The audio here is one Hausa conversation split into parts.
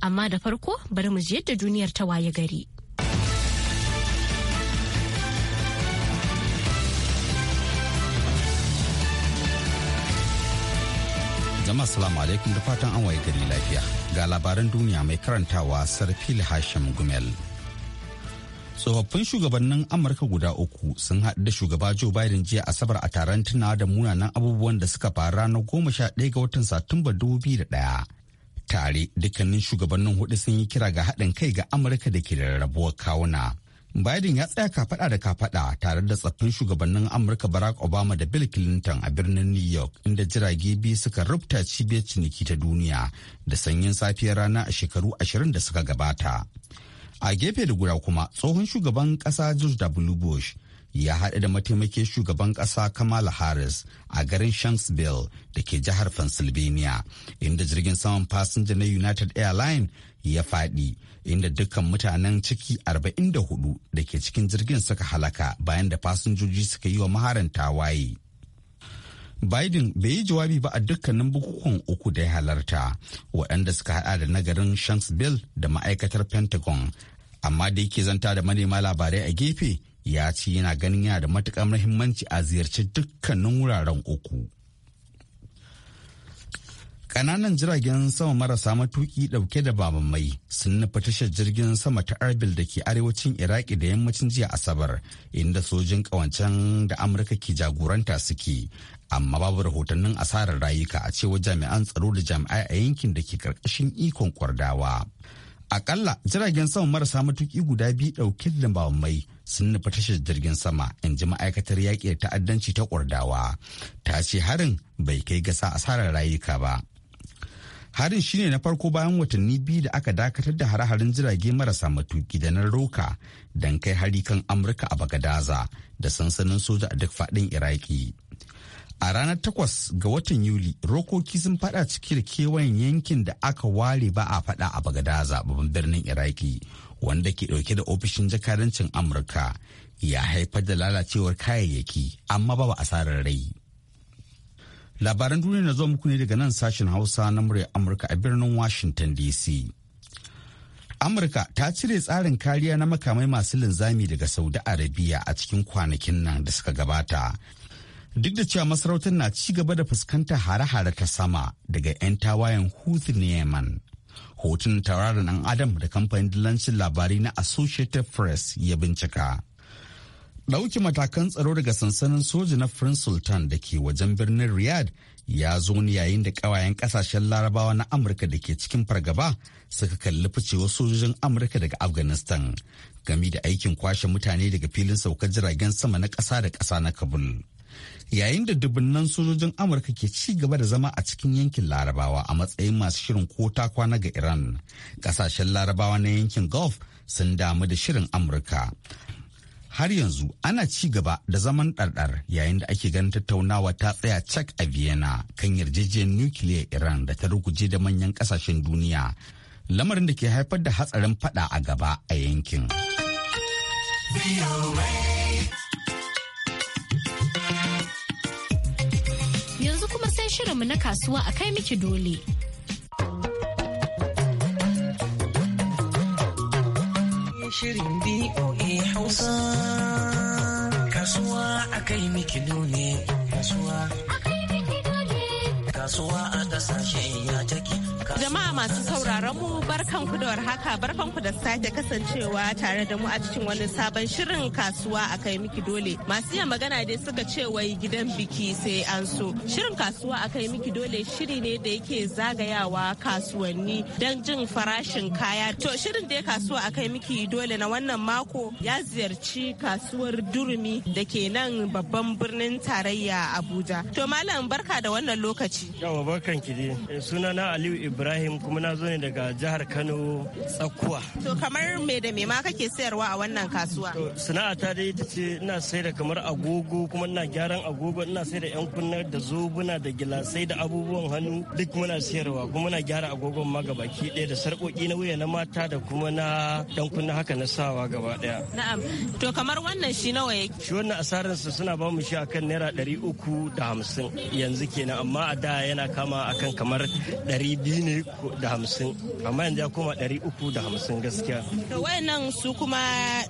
Amma da farko bari mu ji yadda duniyar ta waye gari. Jama'a salamu alaikum da fatan an waye gari lafiya ga labaran duniya mai karantawa sarfil Hashim Gumel. Tsofaffin shugabannin Amurka guda uku sun haɗu da shugaba Joe Biden jiya Asabar a taron tunawa da munanan abubuwan da suka faru ranar goma sha ɗaya ga watan Satumba dubu biyu da ɗaya tare dukkanin shugabannin hudu sun yi kira ga haɗin kai ga amurka da ke rarrabuwar kawuna biden ya tsaya kafaɗa da kafaɗa, tare da tsaffin shugabannin amurka barack obama da bill clinton a birnin new york inda jirage biyu suka rubuta cibiyar ciniki ta duniya da sanyin safiyar rana a shekaru ashirin da suka gabata a gefe da guda kuma tsohon shugaban kasa george w bush ya haɗu da mataimakin shugaban ƙasa Kamala Harris a garin Shanksville da ke jihar Pennsylvania, inda jirgin saman fasinja na United Airlines ya faɗi, inda dukkan mutanen ciki 44 da ke cikin jirgin suka halaka bayan da fasinjoji suka yi wa maharan tawaye. Biden bai yi jawabi ba a dukkanin bukukuwan uku da ya halarta, waɗanda suka haɗa da nagarin Shanksville da ma'aikatar Pentagon amma da yake zanta da manema labarai a gefe ya ce yana ganin yana da matuƙar muhimmanci a ziyarci dukkanin wuraren uku. Ƙananan jiragen sama marasa matuƙi ɗauke da babamai sun nufa tashar jirgin sama ta Arbil da ke arewacin Iraki da yammacin jiya Asabar inda sojin ƙawancen da Amurka ke jagoranta suke. Amma babu rahotannin asarar rayuka a cewa jami'an tsaro da jami'ai a yankin da ke ƙarƙashin ikon kwardawa. akalla jiragen sama marasa matuki guda biyu ɗauke da mai sun nufa tashar jirgin sama in ji ma'aikatar yaƙi da ta'addanci ta kwardawa ta ce harin bai kai gasa asarar rayuka ba harin shine na farko bayan watanni biyu da aka dakatar da hare-haren jirage marasa matuki da na roka don kai hari kan amurka a bagadaza da sansanin soja a duk faɗin iraki A ranar takwas ga watan Yuli, rokoki sun fada ciki da kewayen yankin da aka ware ba a fada a Bagadaza babban birnin Iraki, wanda ke dauke da ofishin jakadancin Amurka ya haifar da lalacewar kayayyaki amma ba asarar rai. Labaran duniya na zuwa muku ne daga nan sashen Hausa na murya Amurka a birnin Washington DC. Amurka ta cire tsarin kariya na makamai masu linzami daga Saudi Arabia a cikin kwanakin nan da suka gabata duk da cewa masarautar na ci gaba da fuskantar hare-hare ta sama daga 'yan tawayen Houthi na Yemen. Hoton tauraron ɗan Adam da kamfanin dillancin labarai na Associated Press ya bincika. Ɗauki matakan tsaro daga sansanin soja na Prince Sultan da ke wajen birnin Riyadh ya zo ne yayin da ƙawayen ƙasashen larabawa na Amurka da ke cikin fargaba suka kalli ficewar sojojin Amurka daga Afghanistan game da aikin kwashe mutane daga filin saukar jiragen sama na ƙasa da ƙasa na Kabul. yayin da dubunnan sojojin amurka ke ci gaba da zama a cikin yankin larabawa a matsayin masu shirin ko ta kwana ga iran kasashen larabawa na yankin gulf sun damu da shirin amurka har yanzu ana ci gaba da zaman ɗarɗar yayin da ake ganin tattaunawa ta tsaya cak a vienna kan yarjejeniyar nukiliyar iran da ta ruguje da manyan ƙasashen duniya lamarin da ke haifar da hatsarin fada a gaba a yankin. sai shirinmu na kasuwa a kai miki dole. Shirin BOA Hausa Kasuwa a kai miki dole Kasuwa a kai miki dole Kasuwa a kasashe ya take Jama'a masu sauraron mu barkanku da warhaka barkanku da sake kasancewa tare da mu a cikin wani sabon shirin kasuwa a kai miki dole. Masu yin magana dai suka ce wai gidan biki sai an so. Shirin kasuwa a kai miki dole shiri ne da yake zagayawa kasuwanni don jin farashin kaya. To shirin da kasuwa a kai miki dole na wannan mako ya ziyarci kasuwar durumi da ke nan babban birnin tarayya Abuja. To malam barka da wannan lokaci. Yawa barkan ki dai. Eh, sunana Aliyu Ibrahim kuma na zo ne daga jihar Kano Tsakuwa. To kamar me da me ma kake sayarwa a wannan kasuwa? To sana'a ta dai ita ce ina sai da kamar agogo kuma ina gyaran agogo ina sai da yan kunna da zobuna da gilasai da abubuwan hannu duk muna sayarwa kuma muna gyara agogon ma gabaki ɗaya da sarƙoƙi na wuya na mata da kuma na yan kunna haka na sawa gaba ɗaya. Na'am. To kamar wannan shi nawa yake? Shi wannan su suna ba mu shi akan naira ɗari uku da hamsin yanzu kenan amma a da yana kama akan kamar ɗari biyu ne da hamsin amma yanzu ya koma ɗari uku da hamsin gaskiya. to wayannan su kuma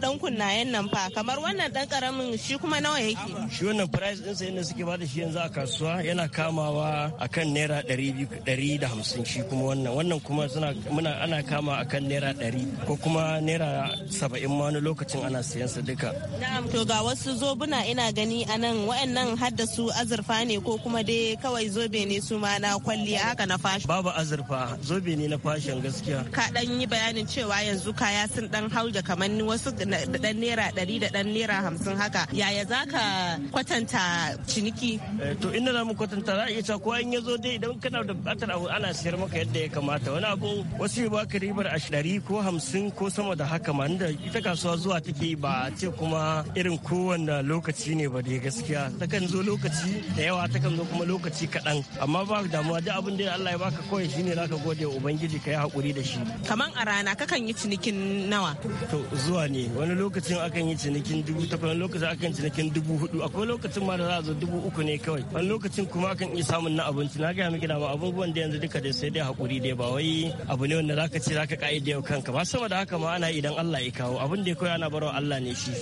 ɗan kunnayen nan fa kamar wannan ɗan ƙaramin shi kuma nawa yake. shi wannan price ɗinsa yadda suke bada shi yanzu a kasuwa yana kamawa akan naira ɗari da hamsin shi kuma wannan wannan kuma suna muna ana kama akan naira ɗari ko kuma naira saba'in ma wani lokacin ana siyan su duka. na'am to ga wasu zobuna ina gani anan wayannan hadda su azurfa ne ko kuma dai kawai zobe ne su ma na kwalliya haka na fashi. babu azurfa fa zobe ne na fashin gaskiya ka dan yi bayanin cewa yanzu kaya sun dan hauja kamar wasu da dan naira ɗari da dan naira hamsin haka yaya za ka kwatanta ciniki eh, to ina za mu kwatanta za a iya cewa in ya zo dai idan kana da buƙatar abu ana siyar maka yadda ya kamata wani abu wasu ya baka ribar ashirin ko hamsin ko sama da haka ma inda ita kasuwa zuwa take ba ce kuma irin kowanne lokaci ne ba dai gaskiya takan zo lokaci da yawa takan zo kuma lokaci kaɗan amma ba damuwa duk abin da Allah ya baka kawai shine za ka gode wa ubangiji ka yi haƙuri da shi kaman a rana kakan yi cinikin nawa to zuwa ne wani lokacin akan yi cinikin dubu takwas wani lokacin akan cinikin dubu hudu akwai lokacin ma da za a zo dubu uku ne kawai wani lokacin kuma akan iya samun na abinci na gaya miki da abubuwan da yanzu duka dai sai dai haƙuri dai ba wai abu ne wanda zaka ce zaka yau kanka ba sama da haka ma ana idan Allah ya kawo abin da ya koya ana barawa Allah ne shi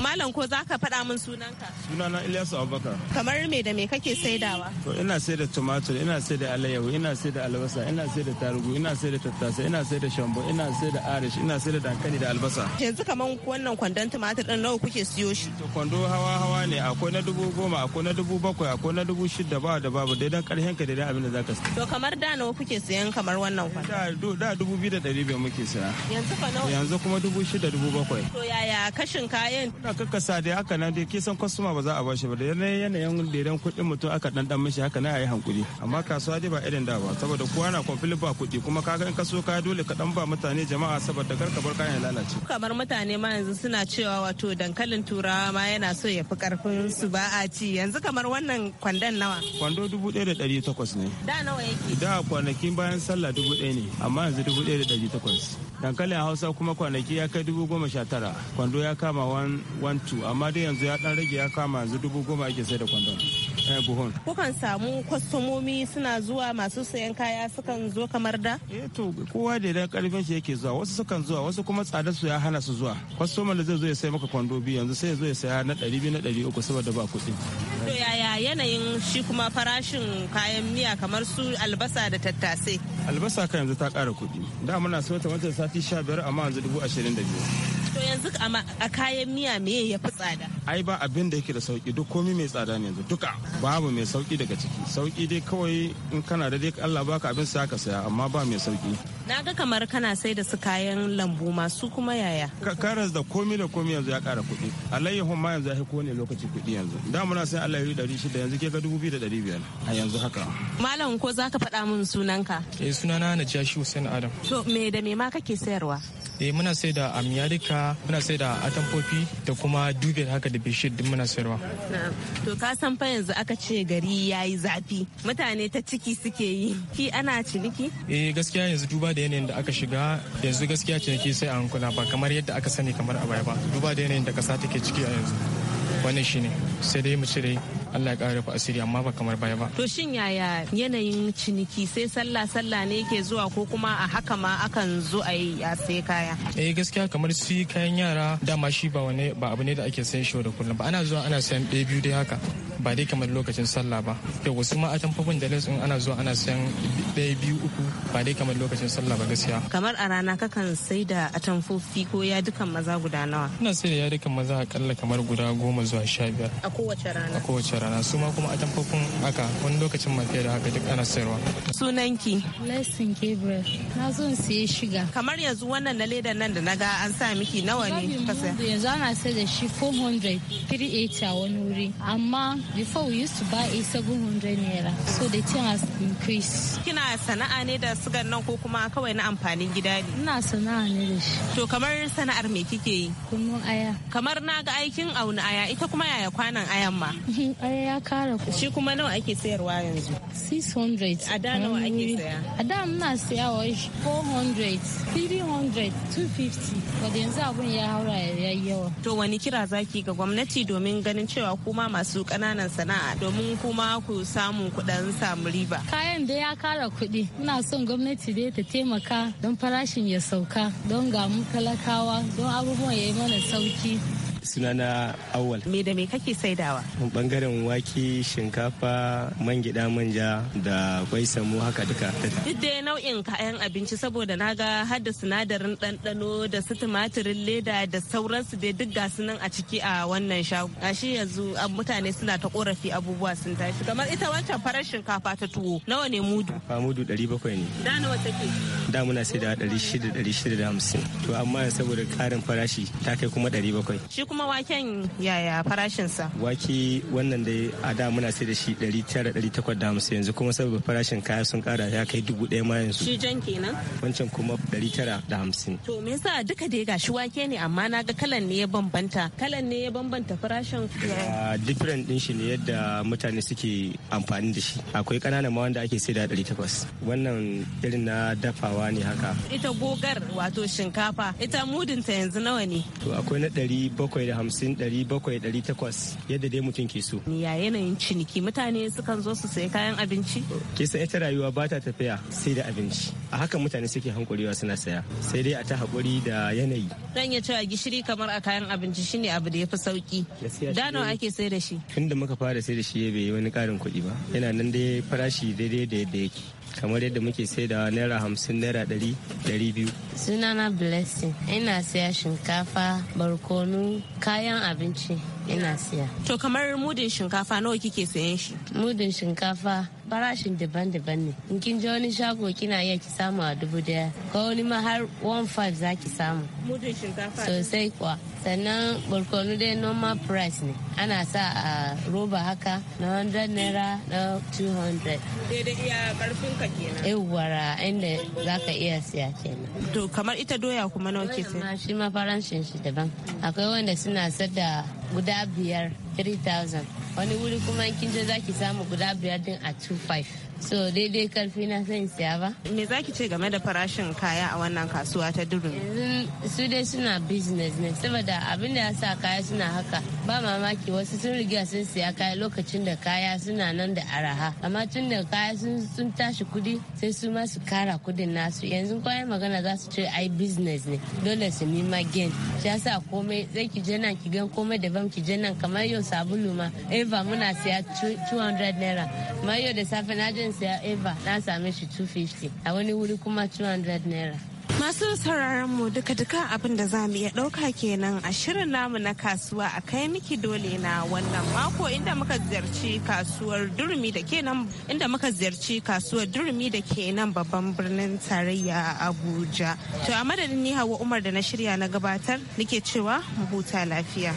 Malam ko za ka faɗa min sunanka? Sunana Ilyasu Abubakar. Kamar me da me kake saidawa? To ina saida tumatur, ina saida alayyahu, ina saida albasa, ina saida tarugu, ina saida tattasai, ina saida shambo, ina saida arish, ina saida dankali da albasa. Yanzu kaman wannan kwandon tumatur ɗin nawa kuke siyo shi? To kwando hawa hawa ne, akwai na dubu goma, akwai na dubu bakwai, akwai na dubu shida ba da babu, daidan ƙarshen ka daidan abin da za ka siya. To kamar da nawa kuke siyan kamar wannan kwandon? Da dubu biyu da ɗari biyar muke siya. Yanzu kuma dubu shida dubu bakwai. To yaya kashin kayan na kakkasa dai haka nan dai kisan kwastoma ba za a bashi ba da yanayin daidan kuɗin mutum aka dan dan mishi haka na yi hankuri amma kasuwa dai ba irin da ba saboda kowa na kwamfili ba kuɗi kuma kaga in ka so ka dole ka dan ba mutane jama'a saboda kar ka bar kayan lalace kamar mutane ma yanzu suna cewa wato dankalin turawa ma yana so ya fi karfin su ba a ci yanzu kamar wannan kwandon nawa kwando dubu ɗaya da ɗari takwas ne da nawa yake da kwanakin bayan sallah dubu ɗaya ne amma yanzu dubu ɗaya da ɗari takwas dankalin hausa kuma kwanaki ya kai dubu goma sha tara kwando ya kama wani 1-2 amma dai yanzu ya dan rage ya kama yanzu dubu goma ake sai da kwandon eh, buhun kukan samu kwastomomi suna zuwa masu sayan kaya sukan zo kamar da eh, to kowa da idan karfin shi yake zuwa wasu sukan zuwa wasu kuma tsadar su ya hana su zuwa kwastoman da zai zo ya sai maka kwando biyu yanzu sai ya zo ya saya na ɗari biyu na ɗari uku saboda ba kuɗi to yaya yanayin shi kuma farashin kayan miya kamar su albasa da tattasai albasa kan yanzu ta ƙara kuɗi da muna so ta wancan sati biyar amma yanzu biyu. To yanzu a kayan miya me ya fi tsada? Ai ba abin da yake da sauki duk komi mai tsada ne yanzu duka babu mai sauki daga ciki. Sauki dai kawai in kana da dai Allah baka abin sai ka saya amma ba mai sauki. Na ga kamar kana sai da su kayan lambu masu kuma yaya. Karas da komai da komai yanzu ya kara kuɗi. Alayyahu ma yanzu ya ko ne lokaci kuɗi yanzu. Da muna sai alayyahu ɗari shida yanzu ke ga dubu biyu da ɗari biyar a yanzu haka. Malam ko za ka faɗa min sunanka? Eh sunana Jashi Hussein Adam. To me da me ma kake sayarwa? eh muna sai da amiyarika muna sai da atamfofi da kuma dube haka da bishir din muna sayarwa to ka san fa yanzu aka ce gari yayi zafi mutane ta ciki suke yi ki ana ciniki eh gaskiya yanzu duba da yanayin da aka shiga yanzu gaskiya ciniki sai an kula ba kamar yadda aka sani kamar a baya ba duba da yanayin da kasa take ciki a yanzu wannan shine sai dai mu cire. Allah ya ku asiri amma ba kamar baya ba. To shin yaya yanayin ciniki sai sallah sallah ne ke zuwa ko kuma a haka ma akan zo a yi a sai kaya? Eh gaskiya kamar su kayan yara dama shi ba wani ba abu ne da ake sayan shi da kullum ba ana zuwa ana sayan ɗaya biyu dai haka. ba dai kamar lokacin sallah ba da wasu ma atamfofin da in ana zuwa ana sayan ɗaya biyu uku ba dai kamar lokacin sallah ba gaskiya kamar a rana kakan sai da atamfofi ko ya dukan maza guda nawa ina sai da ya dukan maza akalla kamar guda goma zuwa sha biyar a kowace rana a kowace rana su ma kuma atamfofin haka wani lokacin ma fiye da haka duk ana sayarwa sunanki blessing gabriel na zo in siye shiga kamar yanzu wannan na leda nan da na ga an sa miki nawa ne yanzu ana sai da shi 400 380 a wani wuri amma Before we used to buy a 700 naira, so the thing has increased. Kina sana'a ne da sugan nan ko kuma kawai na amfanin gida ne? Ina sana'a ne da shi. To kamar sana'ar me kike yi? Kunun aya. Kamar na ga aikin auna aya, ita kuma yaya kwanan ayan ma? Mhm, aya ya kara ku. Shi kuma nawa ake sayarwa yanzu? 600. A da nawa ake saya? A da muna sayawa 400, 300, 250. Wadda yanzu abun ya haura ya yawa. To wani kira zaki ga gwamnati domin ganin cewa kuma masu ƙananan ƙananan sana'a domin kuma ku samu kuɗin samu riba. Kayan da ya kara kuɗi muna son gwamnati dai ta taimaka don farashin ya sauka don ga mu talakawa don abubuwan ya yi mana sauki. sunana awal me da me kake saidawa bangaren wake shinkafa man gida manja da kwai samu haka duka duk da nau'in kayan abinci saboda na ga har da sinadarin ɗanɗano da su tumatirin leda da sauransu dai duk gasu nan a ciki a wannan shago a shi yanzu mutane suna ta korafi abubuwa sun tashi kamar ita wancan farar shinkafa ta tuwo nawa ne mudu fa mudu 700 ne da nawa take da muna shida da 600 650 to amma saboda karin farashi ta kai kuma 700 shi kuma kuma waken yaya farashinsa? Wake wannan dai a da muna sai da shi 900-850 yanzu kuma saboda farashin kaya sun kara ya kai dubu ɗaya ma yanzu. Shi jan kenan? Wancan kuma 950. To me yasa duka dai gashi wake ne amma na ga kalan ne ya bambanta. Kalan ne ya bambanta farashin? Different din shi ne yadda mutane suke amfani da shi. Akwai ƙananan ma wanda ake sai da 800. Wannan irin na dafawa ne haka. Ita gogar wato shinkafa ita mudinta yanzu nawa ne? To akwai na bakwai. bakwai 700 800 yadda dai mutum ke so ya yanayin ciniki mutane sukan zo su sayi kayan abinci kisan ita rayuwa ba ta tafiya sai da abinci a haka mutane suke hankulewa suna saya sai dai a ta hakuri da yanayi zan iya cewa gishiri kamar a kayan abinci shine abu da ya fi sauki dano ake sai da shi tun da muka fara sai da shi bai wani ƙarin kuɗi ba yana nan dai farashi daidai da yadda yake kamar yadda muke da naira hamsin naira ɗari ɗari biyu sunana blessing ina saya shinkafa barkonu kayan abinci ina siya to kamar mudin shinkafa nawa kike sayan shi mudin shinkafa farashin daban-daban ne in kin je wani shago kina iya ki samu a dubu daya ko wani ma har 1.5 za ki samu mudin shinkafa sosai kuwa sannan barkonu dai normal price ne ana sa a roba haka na 100 naira na 200 daidai iya karfin ka kenan wara inda za ka iya siya kenan to kamar ita doya kuma nawa kike? sai shi ma farashin shi daban akwai wanda suna sada guda biyar 3000 wani wuri kuma kin je zaki samu guda biyar din a 25 so daidai karfi na san siya ba me za ki ce game da farashin kaya a wannan kasuwa ta duru su dai suna business ne saboda abin da ya sa kaya suna haka ba mamaki wasu sun riga sun siya kaya lokacin da kaya suna nan da araha amma tun da kaya sun tashi kudi sai su ma su kara kudin nasu yanzu kwaya magana za su ce ai business ne dole su nima gain shi yasa komai zai ki je nan ki gan komai daban ki je nan kamar yau sabulu ma eva muna siya 200 naira kamar yau da safe na je zan ya eva na same shi 250 a wani wuri kuma 200 naira Masu sauraron mu duka duka abin da za mu iya ɗauka kenan a shirin namu na kasuwa a kai miki dole na wannan mako inda muka ziyarci kasuwar durumi da ke nan inda muka ziyarci kasuwar durumi da ke nan babban birnin tarayya a Abuja. To a madadin ni Hawa Umar da na shirya na gabatar nake cewa mu huta lafiya.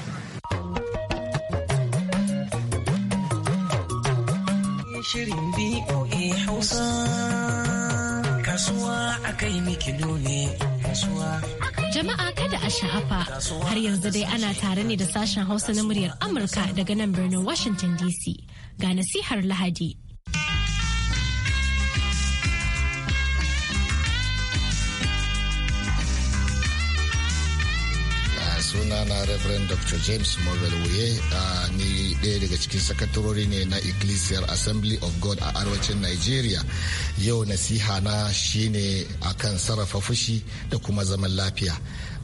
Shirin BOA Hausa. Kasuwa a kai ne. Jama'a kada a sha'afa har yanzu dai ana tare ne da sashen Hausa na muryar Amurka daga nan birnin Washington DC. Ga nasihar Lahadi. sunana reverend dr james Morrell wuye uh, ni ɗaya daga cikin sakatarori ne na ecclesiar assembly of god a arewacin nigeria yau nasiha na shine kan sarrafa fushi da kuma zaman lafiya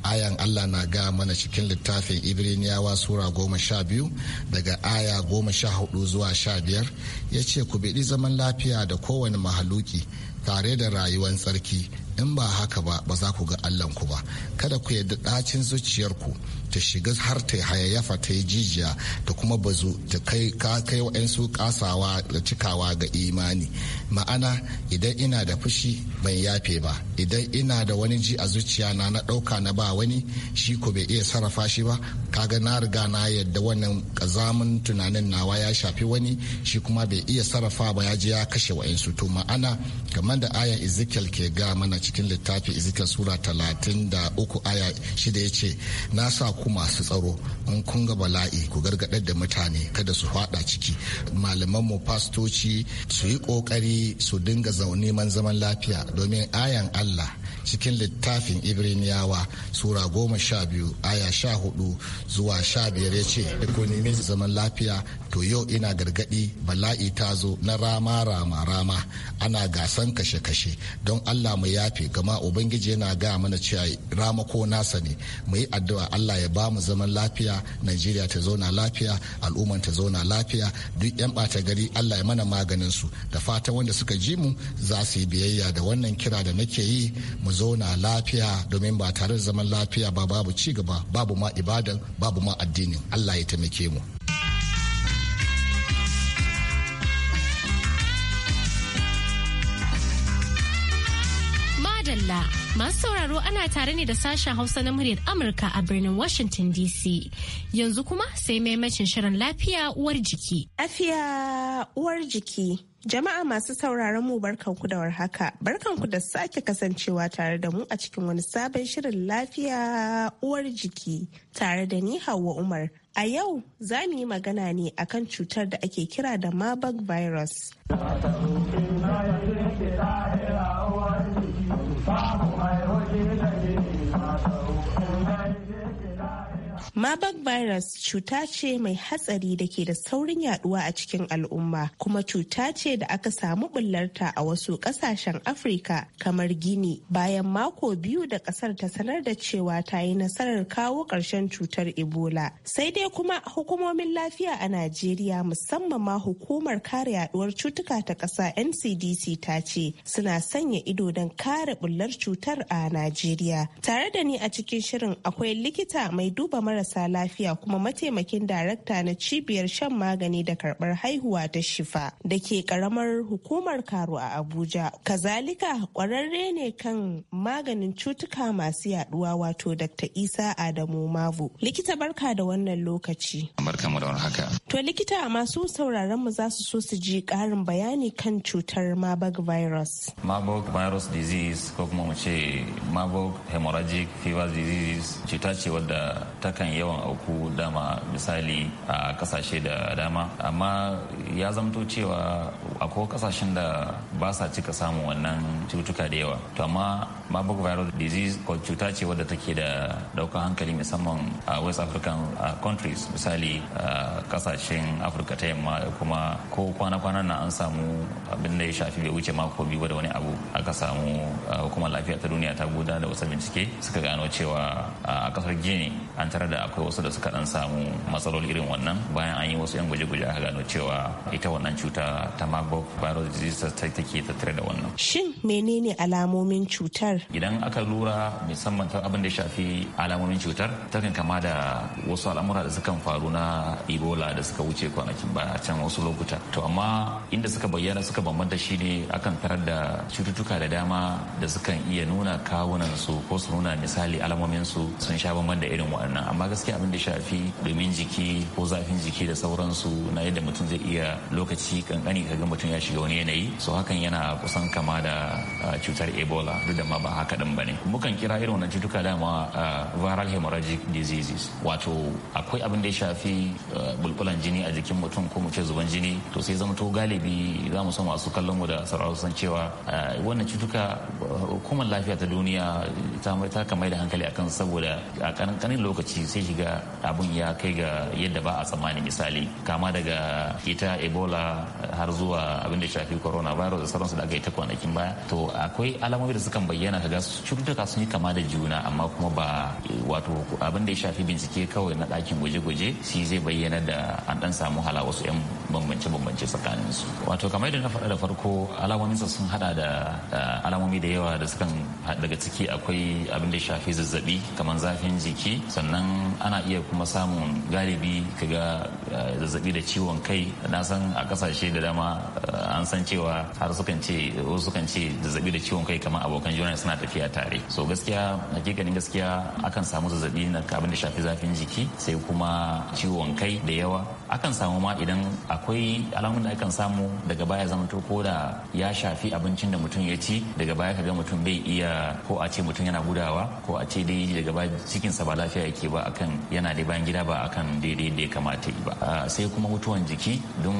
ayan Allah na ga mana cikin littafin ibriniyawa Sura goma sha biyu daga aya goma sha hudu zuwa sha biyar ya ce ku biɗi zaman lafiya da kowane mahaluki tare da rayuwar tsarki in ba haka ba ba za ku ga allahnku ba kada ku yadda ɗacin zuciyarku ta shiga har ta hayayyafa ta yi jijiya ta kuma bazu ta kai kai su kasawa da cikawa ga imani ma'ana idan ina da fushi ban yafe ba idan ina da wani ji a zuciya na na ɗauka na ba wani shi ku bai iya sarrafa shi ba kaga na riga na yadda wannan kazamin tunanin nawa ya shafi wani shi kuma bai iya sarrafa ba ya je ya kashe wa'insu to ma'ana kamar da ayan ezekiel ke ga mana cikin littafi ezekiel sura talatin da uku aya shida ya ce na sa ku masu tsaro in kun ga bala'i ku gargaɗar da mutane kada su faɗa ciki malaman mu fastoci su yi ƙoƙari su dinga zaune man zaman lafiya domin ayan allah cikin littafin ibriniyawa sura goma sha biyu aya sha hudu zuwa sha biyar ya ce ko nemi zaman lafiya to yau ina gargadi bala'i ta zo na rama rama rama ana gasan kashe kashe don allah mu yafe gama ubangiji yana ga mana cewa rama ko nasa ne mu yi addu'a allah ya ba mu zaman lafiya najeriya ta zauna lafiya al'umman ta zauna lafiya duk yan bata gari allah ya mana maganin su da fatan wanda suka ji mu za su yi biyayya da wannan kira da nake yi mu zauna lafiya domin ba tare da zaman lafiya ba babu ci gaba babu ma ibadan babu ma addinin Allah ya taimake mu Madalla masu sauraro ana tare ne da sashen Hausa na muryar Amurka a birnin Washington DC. Yanzu kuma sai maimacin shirin lafiya uwar jiki. Lafiya uwar jiki. Jama'a masu sauraron mu barkanku da warhaka, barkanku da sake kasancewa tare da mu a cikin wani sabon shirin lafiya uwar jiki tare da ni Hauwa Umar. A yau za mu yi magana ne akan cutar da ake kira da Marburg virus. Marburg virus cuta ce mai hatsari da ke da saurin yaduwa a cikin al'umma kuma cuta ce da aka samu bullarta a wasu kasashen Afrika kamar Gini bayan mako biyu da kasar ta sanar da cewa ta yi nasarar kawo ƙarshen cutar Ebola. Sai dai kuma hukumomin lafiya a Najeriya musamman ma hukumar kare yaduwar cutuka ta ƙasa NCDC ta ce suna sanya ido don kare bullar cutar a Najeriya. Tare da ni a cikin shirin akwai likita mai duba mara marasa lafiya kuma mataimakin darakta na cibiyar shan magani da karbar haihuwa ta shifa da ke karamar hukumar karu a abuja kazalika kwararre ne kan maganin cutuka masu yaduwa wato dr isa adamu mavu likita barka da wannan lokaci to likita masu sauraron mu za su so su ji karin bayani kan cutar marburg virus marburg virus disease ko kuma mu ce marburg hemorrhagic fever disease cuta ce wadda ta takan yawan auku dama misali a kasashe da dama amma ya zamto cewa akwai kasashen da ba sa cika samun wannan cututtuka da yawa to amma marburg viral disease ko cuta ce wadda take da daukan hankali musamman a west african countries misali kasashen afirka ta yamma kuma ko kwana kwana na an samu abin da ya shafi bai wuce mako biyu da wani abu aka samu hukumar lafiya ta duniya ta gudanar da wasu bincike suka gano cewa a kasar gini an tare da akwai wasu da suka dan samu matsaloli irin wannan bayan an yi wasu yan gwaje-gwaje aka gano cewa ita wannan cuta ta marburg virus disease ta take tattare da wannan shin menene alamomin cutar idan aka lura musamman ta abin da shafi alamomin cutar ta kan kama da wasu al'amura da suka faru na ebola da suka wuce kwanakin ba a can wasu lokuta to amma inda suka bayyana suka bambanta shine akan tarar da cututtuka da dama da sukan iya nuna kawunan su ko su nuna misali alamomin sun sha bambanta irin irin waɗannan amma gaskiya abin da shafi domin jiki ko zafin jiki da sauransu na yadda mutum zai iya lokaci kankani kaga mutum ya shiga wani yanayi so hakan yana kusan kama da cutar ebola duk da ma ba haka din bane mukan kira irin wannan cutuka dama viral hemorrhagic diseases wato akwai abin da ya shafi bulbulan jini a jikin mutum ko mu ce zuban jini to sai zama to galibi za mu san masu kallon mu da sauraro san cewa wannan cutuka hukumar lafiya ta duniya ta ta kamar da hankali akan saboda a kankanin lokaci lokaci sai shiga abun ya kai ga yadda ba a tsammani misali kama daga ita ebola har zuwa abin da shafi coronavirus da sauransu da aka yi ta kwanakin baya to akwai alamomi da sukan bayyana kaga cututtuka sun yi kama da juna amma kuma ba wato abin da ya shafi bincike kawai na dakin gwaje-gwaje shi zai bayyana da an ɗan samu hala wasu 'yan bambance-bambance su wato kamar yadda na faɗa da farko alamominsa sun hada da alamomi da yawa da sukan daga ciki akwai abin da shafi zazzabi kamar zafin jiki sannan ana iya kuma samun galibi kaga eh, zazzabi da ciwon kai na san a kasashe da dama eh, an san cewa har sukan ce wasu sukan ce zazzabi da ciwon kai kamar abokan juna suna tafiya tare so gaskiya hakikanin gaskiya akan samu zazzabi na abin da shafi zafin jiki sai kuma ciwon kai da yawa akan samu ma idan akwai alamun da akan samu daga baya zama to ko da ya shafi abincin da mutum ya ci daga baya kaga mutum bai iya ko a ce mutum yana gudawa ko a ce dai daga baya cikinsa ba lafiya yake ba akan yana da bayan gida ba akan daidai da ya kamata ba sai kuma mutuwan jiki don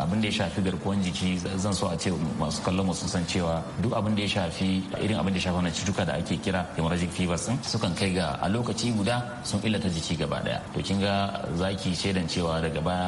abin da ya shafi garkuwan jiki zan so a ce masu kallon mu san cewa duk abin da ya shafi irin abin da ya shafi wannan cutuka da ake kira hemorrhagic fevers sun sukan kai ga a lokaci guda sun illata jiki gaba daya to kin ga zaki shaidan cewa daga ba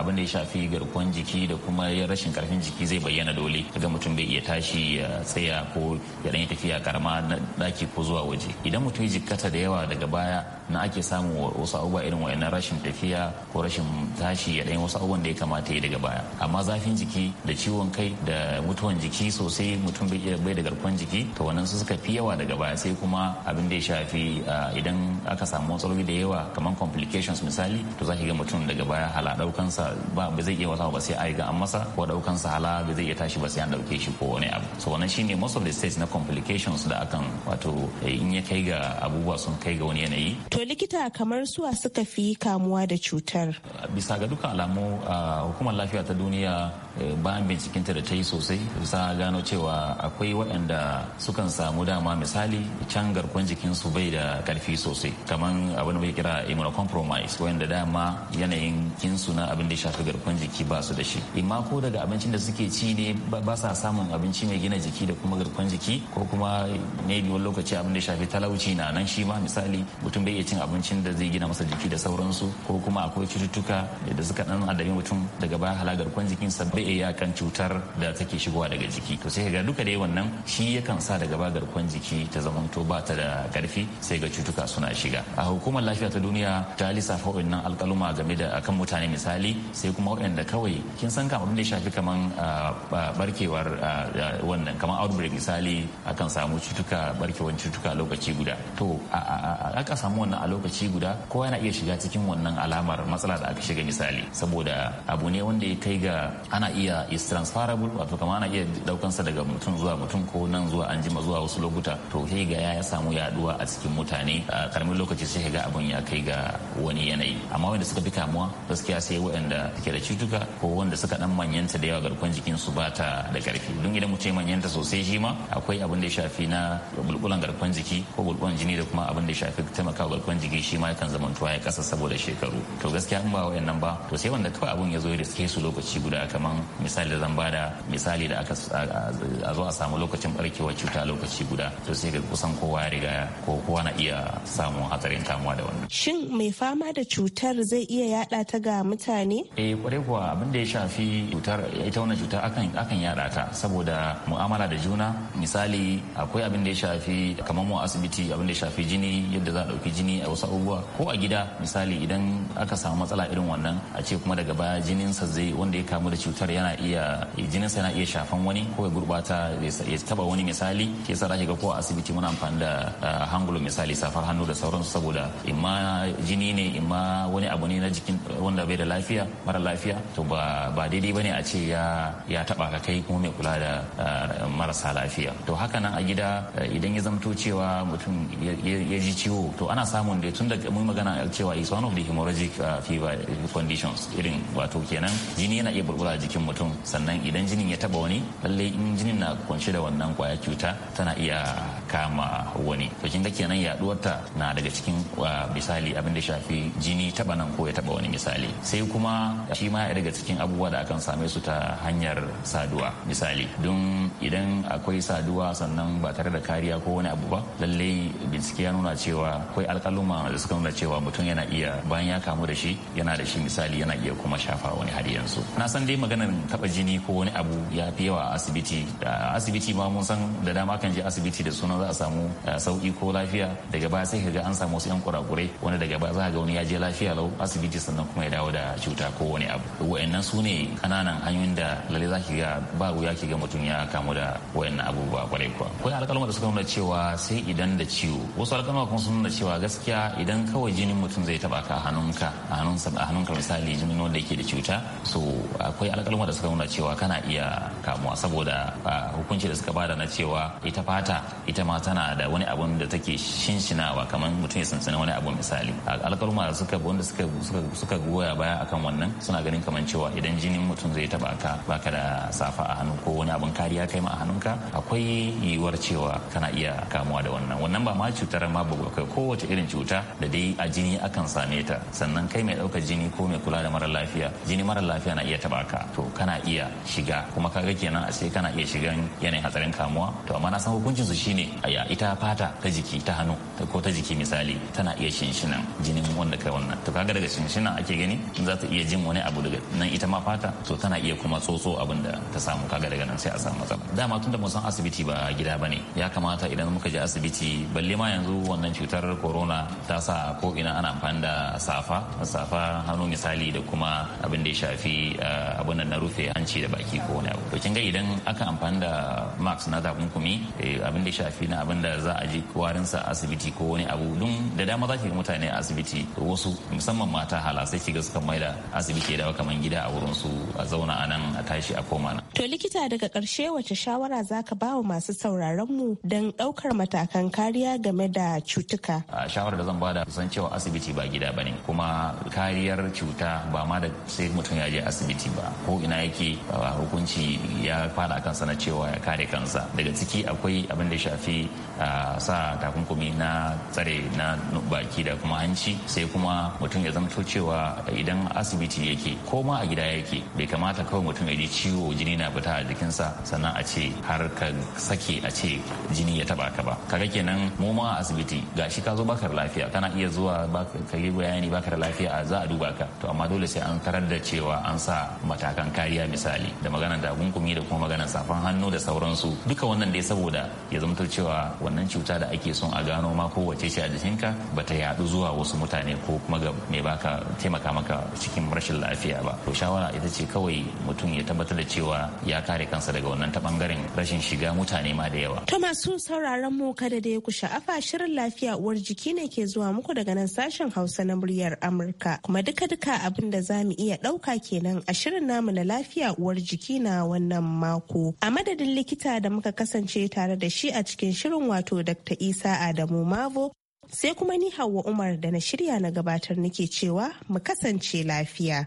abin da ya shafi garkuwan jiki da kuma rashin karfin jiki zai bayyana dole daga mutum bai iya tashi ya tsaya ko ya dan tafiya karama na daki ko zuwa waje idan mutum ya jikkata da yawa daga baya na ake samun wasu abubuwa irin wayannan rashin tafiya ko rashin tashi ya dan wasu abubuwan da ya kamata ya daga baya amma zafin jiki da ciwon kai da mutuwan jiki sosai mutum bai iya bai da garkuwan jiki to wannan su suka fi yawa daga baya sai kuma abin da ya shafi idan aka samu matsaloli da yawa kamar complications misali to za ga mutum daga baya ya hala daukansa ba zai iya wasa ba sai ai ga an masa ko daukansa hala ba zai iya tashi ba sai an dauke shi ko wani abu so wannan shine most of the states na complications da akan wato eh, in ya kai ga abubuwa sun kai ga wani yanayi to likita kamar suwa suka fi kamuwa da cutar bisa ga duka alamu ah, hukumar lafiya ta duniya Eh, bayan ta da ta yi sosai bisa gano cewa akwai waɗanda sukan samu dama misali can garkon jikinsu bai da karfi sosai kamar abin da bai kira immunocompromise wanda dama yanayin kinsu na abin da ya shafi garkon jiki ba su da shi imma ko daga abincin da suke ci ne ba sa samun abinci mai gina jiki da kuma garkon jiki ko kuma ne wani lokaci abin da shafi talauci na nan shi ma misali mutum bai iya cin abincin da zai gina masa jiki da sauransu ko kuma akwai cututtuka da suka dan adabi mutum daga baya halagar kwan jikinsa bai iya kan cutar da take shigowa daga jiki to sai ga duka dai wannan shi yakan sa daga ba garkuwar jiki ta zamanto ba ta da karfi sai ga cutuka suna shiga a hukumar lafiya ta duniya ta lissafa wannan alkaluma game da akan mutane misali sai kuma waɗanda kawai kin san kamar da shafi kaman barkewar wannan kaman outbreak misali akan samu cutuka barkewar cutuka lokaci guda to aka samu wannan a lokaci guda kowa yana iya shiga cikin wannan alamar matsala da aka shiga misali saboda abu ne wanda ya kai ga ana iya is transferable wato kama ana iya daukan sa daga mutum zuwa mutum ko nan zuwa an jima zuwa wasu lokuta to sai ga ya samu yaduwa a cikin mutane a karamin lokaci sai ga abun ya kai ga wani yanayi amma wanda suka fi kamuwa gaskiya sai waɗanda ke da cutuka ko wanda suka dan manyanta da yawa garkuwar jikin su bata da karfi don idan mu ce manyanta sosai shi ma akwai abin da ya shafi na bulbulan garkuwar jiki ko bulbulan jini da kuma abin da ya shafi taimakawa garkuwar jiki shi ma yakan zamantuwa ya kasa saboda shekaru to gaskiya in ba waɗannan ba to sai wanda kawai abun ya zo ya riske su lokaci guda kaman misali zan ba da misali da aka a zo a samu lokacin barkewar cuta lokaci guda to sai ga kusan kowa ya riga ko kowa na iya samun hatsarin kamuwa da wannan shin mai fama da cutar zai iya yada ta ga mutane eh kwarai kuwa abin da ya shafi cutar ita wannan cutar akan akan yada ta saboda mu'amala da juna misali akwai abin da ya shafi kamar mu asibiti abin da ya shafi jini yadda za a dauki jini a wasu abubuwa ko a gida misali idan aka samu matsala irin wannan a ce kuma daga baya jininsa zai wanda ya kamu da cutar cutar yana iya jinin sa yana iya shafan wani ko ya gurbata ya taba wani misali ke sa zaki ga ko a asibiti muna amfani da eh, hangulo misali safar hannu da sauransu saboda imma jini ne imma wani abu ne na jikin wanda bai da lafiya mara lafiya to ba ba daidai bane a ce ya ya taba ka kai kuma mai kula da eh, marasa lafiya to haka nan a gida eh, idan ya zamto cewa mutum ya ji ciwo to ana samun da tun da mun magana cewa is one of the hemorrhagic fever conditions irin wato kenan jini yana iya burbura jiki jikin mutum sannan idan jinin ya taba wani lallai in jinin na kunshi da wannan kwaya cuta tana iya kama wani to kin ga kenan yaduwar na daga cikin misali abin da shafi jini taba nan ko ya taba wani misali sai kuma shi ma daga cikin abubuwa da akan same su ta hanyar saduwa misali don idan akwai saduwa sannan ba tare da kariya ko wani abu ba lallai bincike ya nuna cewa akwai alkaluma da suka nuna cewa mutum yana iya bayan ya kamu da shi yana da shi misali yana iya kuma shafa wani har yanzu na san dai magana maganan taba jini ko wani abu ya fi yawa a asibiti da asibiti ma mun san da dama kan je asibiti da suna za a samu sauki ko lafiya daga baya sai kaga an samu wasu yan kurakurai wanda daga baya za ga wani ya je lafiya lau asibiti sannan kuma ya dawo da cuta ko wani abu wa'annan su ne kananan hanyoyin da lalle za ki ga ba wuya ki ga mutum ya kamu da wa'annan abubuwa kwarai kuwa akwai alƙalma da suka nuna cewa sai idan da ciwo wasu alƙalma kuma sun nuna cewa gaskiya idan kawai jinin mutum zai taba ka hannunka a hannunka misali jinin wanda yake da cuta so akwai alƙalma maluma da suka nuna cewa kana iya kamuwa saboda hukunci da suka bada na cewa ita fata ita ma tana da wani abun da take shinshinawa kamar mutum ya sansanin wani abu misali alƙaluma da suka wanda suka goya baya akan wannan suna ganin kamar cewa idan jinin mutum zai taba ka baka da safa a hannu ko wani abun kariya kai ma a ka akwai yiwuwar cewa kana iya kamuwa da wannan wannan ba ma cutar ma kai kowace irin cuta da dai a jini akan same ta sannan kai mai ɗaukar jini ko mai kula da mara lafiya jini mara lafiya na iya taba ka to kana iya shiga kuma kaga kenan a ce kana iya shigan yanayin hatsarin kamuwa to amma na san hukuncin su shine a ita fata ta jiki ta hannu ko ta jiki misali tana iya shinshinan jinin wanda kai wannan to kaga daga shinshinan ake gani za ta iya jin wani abu daga nan ita ma fata to tana iya kuma tsotso abin da ta samu kaga daga nan sai a samu matsala dama tun da mun san asibiti ba gida bane ya kamata idan muka je asibiti balle ma yanzu wannan cutar corona ta sa ko ina ana amfani da safa safa hannu misali da kuma abin da ya shafi eh, abin nan na rufe hanci da baki ko wani abu to kin ga idan aka amfani da max na takunkumi eh, abin da shafi na abin da za a ji kwarinsa a asibiti ko wani abu dun da dama za ki ga mutane a asibiti wasu musamman mata hala sai ki ga suka da asibiti ya dawo kamar gida a wurin su a zauna a nan a tashi a koma nan To likita daga karshe wace shawara za ka ba wa masu sauraron mu don ɗaukar matakan kariya game da cutuka? A shawarar da zan bada kusan cewa asibiti ba gida bane kuma kariyar cuta ba ma da sai mutum ya je asibiti ba ko ina yake hukunci ya fada kansa na cewa ya kare kansa daga ciki akwai abin da shafi sa takunkumi na tsare na baki da kuma hanci sai kuma mutum ya zamto cewa idan asibiti yake ko ma a gida yake bai kamata kawai mutum ya ji ciwo jini na yana fita a jikinsa sannan a ce har ka sake a ce jini ya taba ka ba kaga kenan mu ma asibiti gashi ka zo baka da lafiya kana iya zuwa ka yi bayani baka da lafiya a za a duba ka to amma dole sai an karar da cewa an sa matakan kariya misali da maganar takunkumi da kuma maganar safan hannu da sauransu duka wannan dai saboda ya zama cewa wannan cuta da ake son a gano ma kowace ce a jikinka bata yadu zuwa wasu mutane ko kuma ga mai baka taimaka maka cikin rashin lafiya ba to shawara ita ce kawai mutum ya tabbatar da cewa ya kare kansa daga wannan ta bangaren rashin shiga mutane ma da yawa. To masu sauraron mu kada da ya ku sha'afa shirin lafiya uwar jiki ne ke zuwa muku daga nan sashen Hausa na muryar Amurka kuma duka-duka abin da za mu iya ɗauka kenan a shirin namu na lafiya uwar jiki na wannan mako. A madadin likita da muka kasance tare da shi a cikin shirin wato Dr. Isa Adamu Mavo sai kuma ni Hauwa Umar da na shirya na gabatar nake cewa mu kasance lafiya.